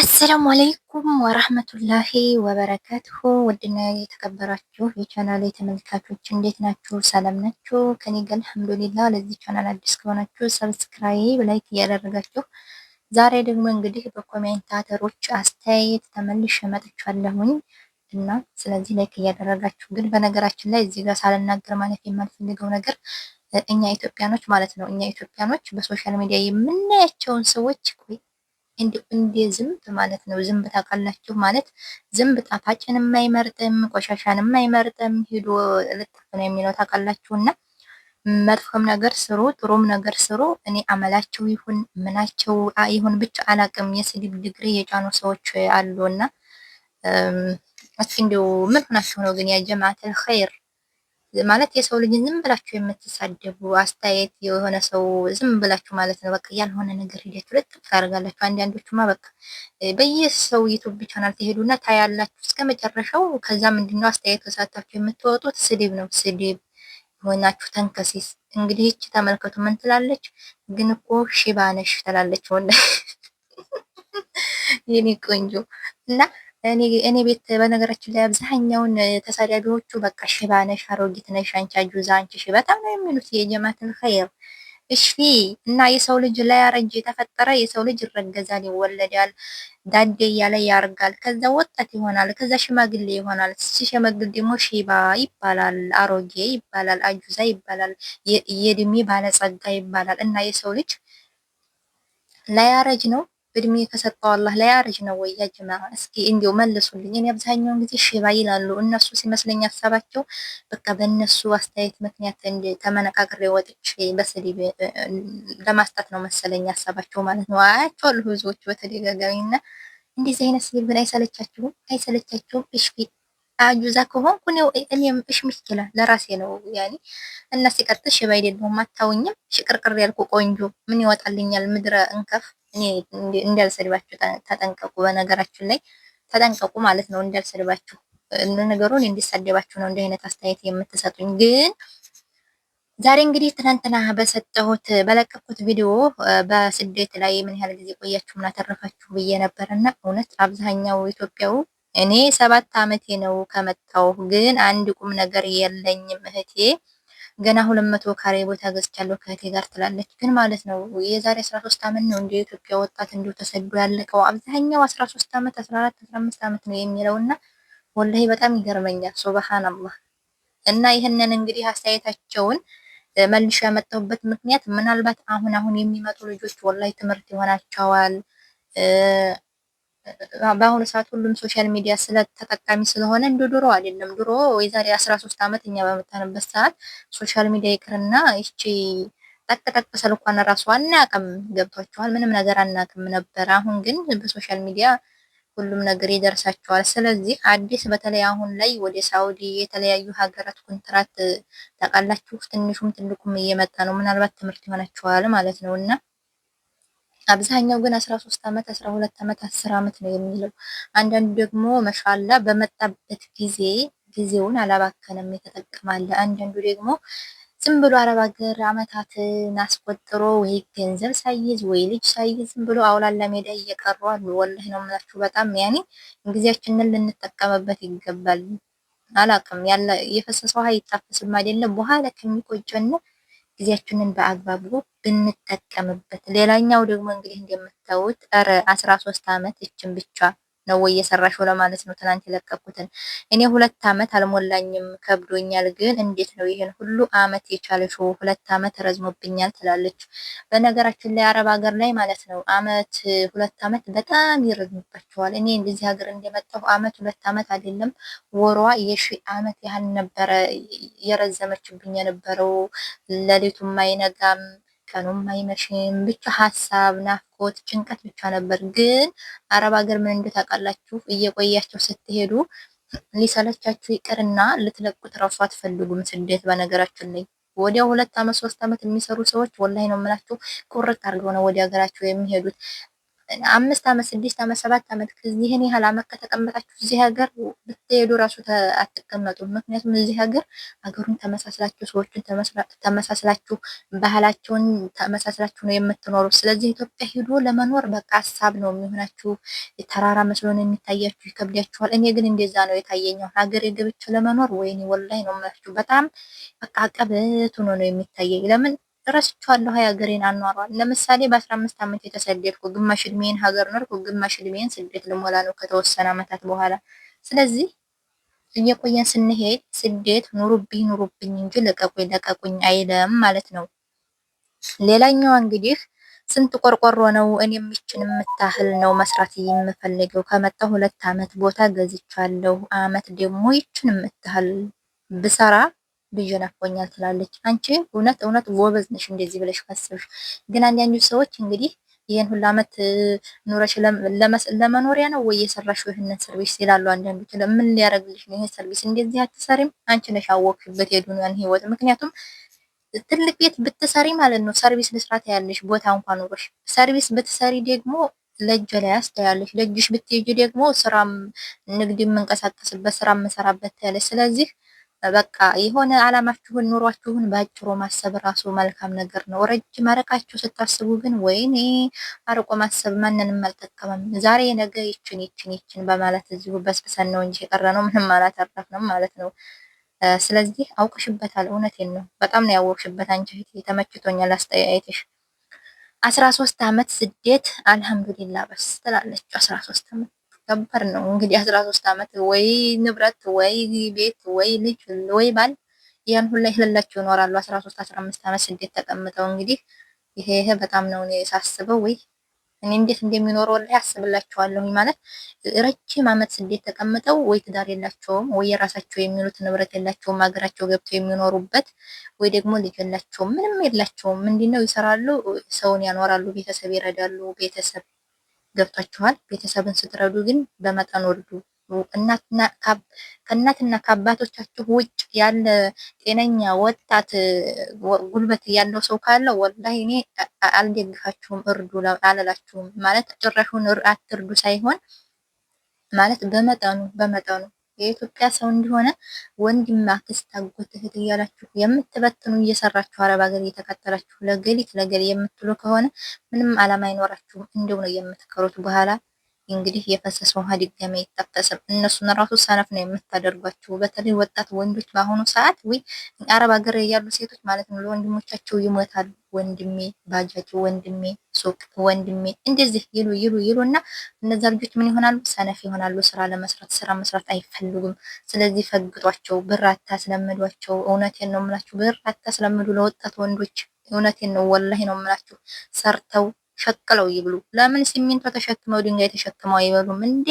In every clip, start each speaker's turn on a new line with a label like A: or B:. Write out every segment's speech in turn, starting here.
A: አሰላሙ አለይኩም ወራህመቱላሂ ወበረካቱሁ ውድና የተከበራችሁ የቻናል ተመልካቾች እንዴት ናችሁ? ሰላም ናችሁ? ከኔ ጋር አልሐምዱሊላ። ለዚህ ቻናል አዲስ ከሆናችሁ ሰብስክራይብ፣ ላይክ እያደረጋችሁ ዛሬ ደግሞ እንግዲህ በኮሜንታተሮች አስተያየት ተመልሼ መጥቻለሁኝ እና ስለዚህ ላይክ እያደረጋችሁ ግን በነገራችን ላይ እዚህ ጋር ሳልናገር ማለት የማልፈልገው ነገር እኛ ኢትዮጵያኖች ማለት ነው እኛ ኢትዮጵያኖች በሶሻል ሚዲያ የምናያቸውን ሰዎች እንደ ዝንብ ማለት ነው። ዝንብ ታውቃላችሁ ማለት ዝንብ ጣፋጭን የማይመርጥም ቆሻሻን የማይመርጥም ሂዶ ልጥፍ ነው የሚለው ታውቃላችሁና፣ መጥፎም ነገር ስሩ ጥሩም ነገር ስሩ። እኔ አመላቸው ይሁን ምናቸው ይሁን ብቻ አላቅም። የስድብ ድግሪ የጫኑ ሰዎች አሉና፣ እስኪ እንዲሁ ምን ሆናችሁ ነው ግን ያጀማዓተል ኸይር ማለት የሰው ልጅ ዝም ብላችሁ የምትሳደቡ አስተያየት የሆነ ሰው ዝም ብላችሁ ማለት ነው፣ በቃ ያልሆነ ነገር ሂዳችሁ ልጥፍ ታደርጋላችሁ። አንዳንዶቹማ በቃ በየሰው ዩቱብ ቻናል ትሄዱና ታያላችሁ እስከ መጨረሻው። ከዛ ምንድነው አስተያየት ተሳታችሁ የምትወጡት ስድብ ነው ስድብ የሆናችሁ ተንከሲስ። እንግዲህ ይች ተመልከቱ ምን ትላለች? ግን እኮ ሽባ ነሽ ትላለች። ወላሂ የኔ ቆንጆ እና እኔ ቤት በነገራችን ላይ አብዛኛውን ተሳዳቢዎቹ በቃ ሽባ ነሽ፣ አሮጊት ነሽ፣ አንቺ አጁዛ፣ አንቺ ሽባ በጣም ነው የሚሉት የጀማትን ኸይር እሺ። እና የሰው ልጅ ላይ አረጅ የተፈጠረ የሰው ልጅ ይረገዛል፣ ይወለዳል፣ ዳዴ እያለ ያርጋል፣ ከዛ ወጣት ይሆናል፣ ከዛ ሽማግሌ ይሆናል። ሲሸመግል ደግሞ ሽባ ይባላል፣ አሮጌ ይባላል፣ አጁዛ ይባላል፣ የእድሜ ባለጸጋ ይባላል። እና የሰው ልጅ ላይ አረጅ ነው እድሜ ከሰጠው አላህ ላይ አረጅ ነው ወይ? ያ እስኪ እንዲው መልሱልኝ። እኔ አብዛኛውን ጊዜ ሽባ ይላሉ እነሱ ሲመስለኝ ሀሳባቸው በቃ በእነሱ አስተያየት ምክንያት እንደ ተመነቃቅሬ ወጥቼ በስድብ ለማስጣት ነው መሰለኝ ሀሳባቸው ማለት ነው። አያቸዋለሁ ብዙዎች እና እንደዚህ አይነት ስድብ ግን አይሰለቻችሁም? አይሰለቻችሁም? እሺ አጁዛ ከሆንኩ እኔም እሽ ምሽኪላ ለራሴ ነው ያኔ። እና ሲቀጥል ሽባ አይደለሁም፣ አታውኝም። ሽቅርቅር ያልኩ ቆንጆ ምን ይወጣልኛል? ምድረ እንከፍ። እኔ እንዳልሰድባችሁ ተጠንቀቁ። በነገራችን ላይ ተጠንቀቁ ማለት ነው፣ እንዳልሰድባችሁ። ነገሩን እንዲሳደባችሁ ነው እንዲህ አይነት አስተያየት የምትሰጡኝ። ግን ዛሬ እንግዲህ ትናንትና በሰጠሁት በለቀኩት ቪዲዮ በስደት ላይ ምን ያህል ጊዜ ቆያችሁ እና ተረፋችሁ ብዬ ነበረና እውነት አብዛኛው ኢትዮጵያው እኔ ሰባት አመቴ ነው ከመጣሁ፣ ግን አንድ ቁም ነገር የለኝም። እህቴ ገና ሁለት መቶ ካሬ ቦታ ገዝቻለሁ ከእህቴ ጋር ትላለች። ግን ማለት ነው የዛሬ 13 አመት ነው እንደ ኢትዮጵያ ወጣት እንዲሁ ተሰዶ ያለቀው አብዛኛው 13 አመት 14 15 አመት ነው የሚለውና ወላሂ በጣም ይገርመኛል። ሱብሃንአላህ። እና ይህንን እንግዲህ አስተያየታቸውን መልሼ ያመጣሁበት ምክንያት ምናልባት አሁን አሁን የሚመጡ ልጆች ወላሂ ትምህርት ይሆናቸዋል በአሁኑ ሰዓት ሁሉም ሶሻል ሚዲያ ተጠቃሚ ስለሆነ እንደ ድሮ አይደለም። ድሮ የዛሬ አስራ ሶስት ዓመት እኛ በመጣንበት ሰዓት ሶሻል ሚዲያ ይቅርና ይቺ ጠቅጠቅ ስልኳን ራሱ አናቅም። ገብቷችኋል? ምንም ነገር አናቅም ነበር። አሁን ግን በሶሻል ሚዲያ ሁሉም ነገር ይደርሳቸዋል። ስለዚህ አዲስ በተለይ አሁን ላይ ወደ ሳውዲ የተለያዩ ሀገራት ኮንትራት ታውቃላችሁ፣ ትንሹም ትልቁም እየመጣ ነው። ምናልባት ትምህርት ይሆናቸዋል ማለት ነው እና አብዛኛው ግን 13 ሶስት ዓመት አስራ ሁለት ዓመት አስር ዓመት ነው የሚለው። አንዳንዱ ደግሞ መሻላ በመጣበት ጊዜ ጊዜውን አላባከንም የተጠቀማለ። አንዳንዱ ደግሞ ዝም ብሎ አረብ ሀገር ዓመታትን አስቆጥሮ ወይ ገንዘብ ሳይዝ ወይ ልጅ ሳይዝ ዝም ብሎ አውላላ ሜዳ እየቀሩ አሉ። ወላሂ ነው የምላችሁ። በጣም ያኔ ጊዜያችንን ልንጠቀምበት ይገባል። አላቅም ያለ የፈሰሰው ውሃ ይጣፍስም አይደለም በኋላ ከሚቆጨን ጊዜያችንን በአግባቡ ብንጠቀምበት። ሌላኛው ደግሞ እንግዲህ እንደምታዩት ኧረ አስራ ሶስት አመት እችን ብቻ ነው ወይ የሰራሽው ለማለት ነው። ትናንት የለቀኩትን እኔ ሁለት አመት አልሞላኝም ከብዶኛል፣ ግን እንዴት ነው ይህን ሁሉ አመት የቻለሽው? ሁለት አመት ረዝሞብኛል ትላለች። በነገራችን ላይ አረብ ሀገር ላይ ማለት ነው አመት ሁለት አመት በጣም ይረዝምባቸዋል። እኔ እንደዚህ ሀገር እንደመጣሁ አመት ሁለት አመት አይደለም ወሯ የሺ አመት ያህል ነበረ የረዘመችብኝ የነበረው። ለሌቱ ማይነጋም ቀኑም አይመሽም። ብቻ ሀሳብ፣ ናፍቆት፣ ጭንቀት ብቻ ነበር። ግን አረብ ሀገር ምን እንደ ታውቃላችሁ እየቆያቸው ስትሄዱ ሊሰለቻችሁ ይቅርና ልትለቁት ራሱ አትፈልጉም። ስደት በነገራችን ላይ ወዲያው ሁለት አመት ሶስት አመት የሚሰሩ ሰዎች ወላሂ ነው የምላችሁ ቁርጥ አድርገው ነው ወዲያ ሀገራቸው የሚሄዱት። አምስት አመት ስድስት አመት ሰባት ዓመት ይህን ያህል አመት ከተቀመጣችሁ እዚህ ሀገር ብትሄዱ ራሱ አትቀመጡም። ምክንያቱም እዚህ ሀገር ሀገሩን ተመሳስላችሁ ሰዎችን ተመሳስላችሁ ባህላቸውን ተመሳስላችሁ ነው የምትኖሩ። ስለዚህ ኢትዮጵያ ሄዶ ለመኖር በቃ ሀሳብ ነው የሚሆናችሁ። ተራራ መስሎን የሚታያችሁ ይከብዳችኋል። እኔ ግን እንደዛ ነው የታየኛው። ሀገር የገብቼ ለመኖር ወይኔ ወላሂ ነው የምላችሁ በጣም በቃ ቀበቶ ነው ነው የሚታየኝ ለምን እረስቸዋለሁ ሀገሬን አኗሯል። ለምሳሌ በአስራ አምስት ዓመት የተሰደድኩ ግማሽ እድሜን ሀገር ኖርኩ፣ ግማሽ እድሜን ስደት ልሞላ ነው ከተወሰነ ዓመታት በኋላ። ስለዚህ እየቆየን ስንሄድ ስደት ኑሩብኝ ኑሩብኝ እንጂ ለቀቁኝ ለቀቁኝ አይለም ማለት ነው። ሌላኛዋ እንግዲህ ስንት ቆርቆሮ ነው እኔ የሚችን የምታህል ነው መስራት የምፈልገው። ከመጣ ሁለት አመት ቦታ ገዝቻለሁ። አመት ደግሞ ይችን የምታህል ብሰራ ብዥን አፎኛል ትላለች። አንቺ እውነት እውነት ወበዝ ነሽ እንደዚህ ብለሽ ካሰብሽ። ግን አንዳንዱ ሰዎች እንግዲህ ይህን ሁሉ አመት ኑረሽ ለመኖሪያ ነው ወይ የሰራሽው ይህንን ሰርቪስ ይላሉ። አንዳንዱ ምን ሊያደርግልሽ ነው ይህን ሰርቪስ? እንደዚህ አትሰሪም አንቺ ነሽ አወቅሽበት የዱንያን ህይወት። ምክንያቱም ትልቅ ቤት ብትሰሪ ማለት ነው ሰርቪስ ልስራት ያለሽ ቦታ እንኳን ኑሮሽ ሰርቪስ ብትሰሪ ደግሞ ለእጅ ላይ ያስተያለሽ ለእጅሽ ብትሄጂ ደግሞ ስራም ንግድ የምንቀሳቀስበት ስራ የምንሰራበት ያለሽ ስለዚህ በቃ የሆነ አላማችሁን ኑሯችሁን በአጭሩ ማሰብ ራሱ መልካም ነገር ነው። ረጅም አርቃችሁ ስታስቡ ግን ወይኔ አርቆ ማሰብ ማንንም አልጠቀመም። ዛሬ ነገ ይችን ይችን ይችን በማለት እዚሁ በስብሰን ነው እንጂ የቀረ ነው ምንም አላተረፍንም ማለት ነው። ስለዚህ አውቅሽበታል። እውነቴን ነው። በጣም ነው ያወቅሽበት። አንቺ ተመችቶኛል አስተያየትሽ። አስራ ሶስት አመት ስደት አልሐምዱሊላ በስ ትላለች። አስራ ሶስት አመት ከባድ ነው እንግዲህ አስራ ሶስት አመት ወይ ንብረት ወይ ቤት ወይ ልጅ ወይ ባል ያን ሁላ የሌላቸው ይኖራሉ። አስራ ሶስት አስራ አምስት አመት ስደት ተቀምጠው እንግዲህ ይሄ ይሄ በጣም ነው እኔ ሳስበው ወይ እኔ እንዴት እንደሚኖረው ላይ አስብላችኋለሁ። ማለት ረጅም አመት ስደት ተቀምጠው ወይ ትዳር የላቸውም ወይ የራሳቸው የሚሉት ንብረት የላቸውም ሀገራቸው ገብተው የሚኖሩበት ወይ ደግሞ ልጅ የላቸውም ምንም የላቸውም። ምንድነው ይሰራሉ፣ ሰውን ያኖራሉ፣ ቤተሰብ ይረዳሉ፣ ቤተሰብ ገብቷችኋል። ቤተሰብን ስትረዱ ግን በመጠን ወርዱ። ከእናትና ከአባቶቻችሁ ውጭ ያለ ጤነኛ ወጣት ጉልበት ያለው ሰው ካለ ወላሂ እኔ አልደግፋችሁም፣ እርዱ አልላችሁም። ማለት ጭራሹን አትርዱ ሳይሆን ማለት በመጠኑ በመጠኑ የኢትዮጵያ ሰው እንደሆነ ወንድም፣ አክስት፣ አጎት፣ እህት እያላችሁ የምትበትኑ እየሰራችሁ አረብ ሀገር እየተከተላችሁ ለገሊት ለገሌ የምትሉ ከሆነ ምንም አላማ አይኖራችሁም። እንደው ነው የምትከሩት በኋላ እንግዲህ የፈሰሰ ውሃ ድጋሚ አይታፈስም። እነሱን ራሱ ሰነፍ ነው የምታደርጓቸው። በተለይ ወጣት ወንዶች በአሁኑ ሰዓት ወይ አረብ ሀገር ያሉ ሴቶች ማለት ነው ለወንድሞቻቸው ይሞታሉ። ወንድሜ ባጃጅ፣ ወንድሜ ሱቅ፣ ወንድሜ እንደዚህ ይሉ ይሉ ይሉ እና እነዛ ልጆች ምን ይሆናሉ? ሰነፍ ይሆናሉ። ስራ ለመስራት ስራ መስራት አይፈልጉም። ስለዚህ ፈግጧቸው፣ ብር አታስለምዷቸው። እውነቴን ነው የምላችሁ፣ ብር አታስለምዱ ለወጣት ወንዶች። እውነቴን ነው ወላሂ ነው የምላችሁ ሰርተው ሸቅለው ይብሉ። ለምን ሲሚንቶ ተሸክመው ድንጋይ ተሸክመው አይበሉም እንዴ?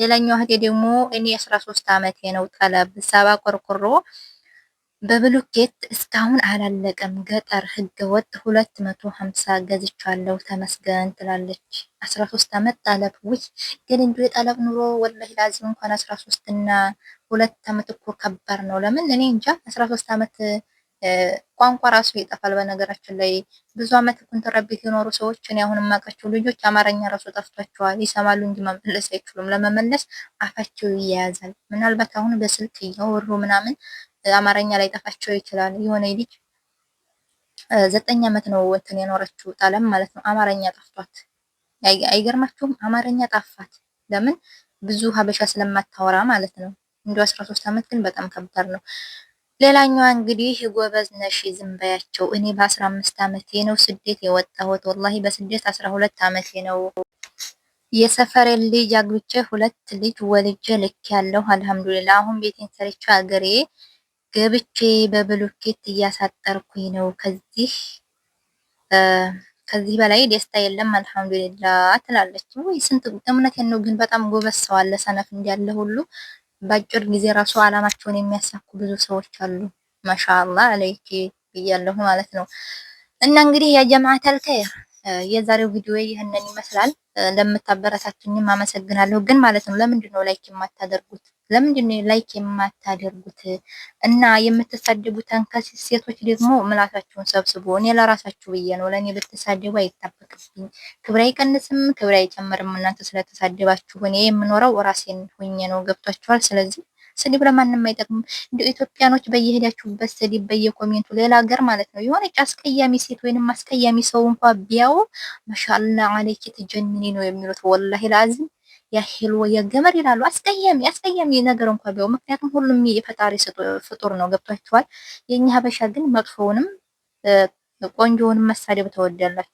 A: ሌላኛው እህቴ ደግሞ እኔ 13 አመት ነው ጠለብ ሰባ ቆርቆሮ በብሎኬት እስካሁን አላለቀም። ገጠር ህገ ወጥ ሁለት መቶ ሀምሳ ገዝቻለሁ ተመስገን ትላለች። 13 አመት ጠለብ ውይ፣ ግን እንዱ የጠለብ ኑሮ ወላሂ ላዚም እንኳን 13 እና ሁለት አመት እኮ ከባድ ነው። ለምን እኔ እንጃ 13 አመት ቋንቋ ራሱ ይጠፋል። በነገራችን ላይ ብዙ አመት ኩንትራት ቤት የኖሩ ሰዎች እኔ አሁን የማውቃቸው ልጆች አማርኛ ራሱ ጠፍቷቸዋል። ይሰማሉ እንጂ መመለስ አይችሉም። ለመመለስ አፋቸው ይያያዛል። ምናልባት አሁን በስልክ እያወሩ ምናምን አማርኛ ላይ ጠፋቸው ይችላል። የሆነ ልጅ ዘጠኝ አመት ነው እንትን የኖረችው ጣለም ማለት ነው። አማርኛ ጠፍቷት አይገርማችሁም? አማርኛ ጠፋት። ለምን ብዙ ሀበሻ ስለማታወራ ማለት ነው። እንዲ 13 አመት ግን በጣም ከባድ ነው። ሌላኛዋ እንግዲህ ጎበዝ ነሽ ዝም በያቸው። እኔ በአስራ አምስት አመቴ ነው ስደት የወጣሁት። ወላሂ በስደት አስራ ሁለት አመቴ ነው። የሰፈሬ ልጅ አግብቼ ሁለት ልጅ ወልጄ ልክ ያለው አልሐምዱሊላ። አሁን ቤቴን ሰርቼ አገሬ ገብቼ በብሎኬት እያሳጠርኩኝ ነው። ከዚህ ከዚህ በላይ ደስታ የለም አልሐምዱሊላ ትላለች። ወይ ስንት እምነት ነው ግን በጣም ጎበዝ ሰው አለ ሰነፍ እንዲያለ ሁሉ በአጭር ጊዜ ራሱ አላማቸውን የሚያሳኩ ብዙ ሰዎች አሉ። ማሻአላ አለይኪ ብያለሁ ማለት ነው። እና እንግዲህ ያ ጀማዓተል የዛሬው ቪዲዮ ይህንን ይመስላል። ለምታበረታቱኝም አመሰግናለሁ። ግን ማለት ነው ለምንድን ነው ላይክ የማታደርጉት? ለምንድነው ላይክ የማታደርጉት? እና የምትሳደቡ ተንከሲስ ሴቶች ደግሞ ምላሳችሁን ሰብስቦ እኔ ለራሳችሁ ብዬ ነው። ለእኔ ብትሳደቡ አይጠበቅብኝ፣ ክብሬ አይቀንስም፣ ክብሬ አይጨምርም። እናንተ ስለተሳደባችሁ እኔ የምኖረው ራሴን ሆኜ ነው። ገብቷችኋል? ስለዚህ ስድብ ለማንም አይጠቅምም። እንደ ኢትዮጵያኖች በየሄዳችሁበት ስድብ በየኮሜንቱ ሌላ ሀገር ማለት ነው የሆነች አስቀያሚ ሴት ወይንም አስቀያሚ ሰው እንኳ ቢያው ማሻአላ አለኪ ትጀንኒ ነው የሚሉት። ወላሂ ለአዝም ያሄል ወያገመር ይላሉ። አስቀያሚ አስቀያሚ ነገር እንኳ ቢሆን ምክንያቱም ሁሉም የፈጣሪ ፍጡር ነው። ገብቷችኋል። የኛ ሀበሻ ግን መጥፎውንም ቆንጆውንም መሳደብ ተወዳላችሁ።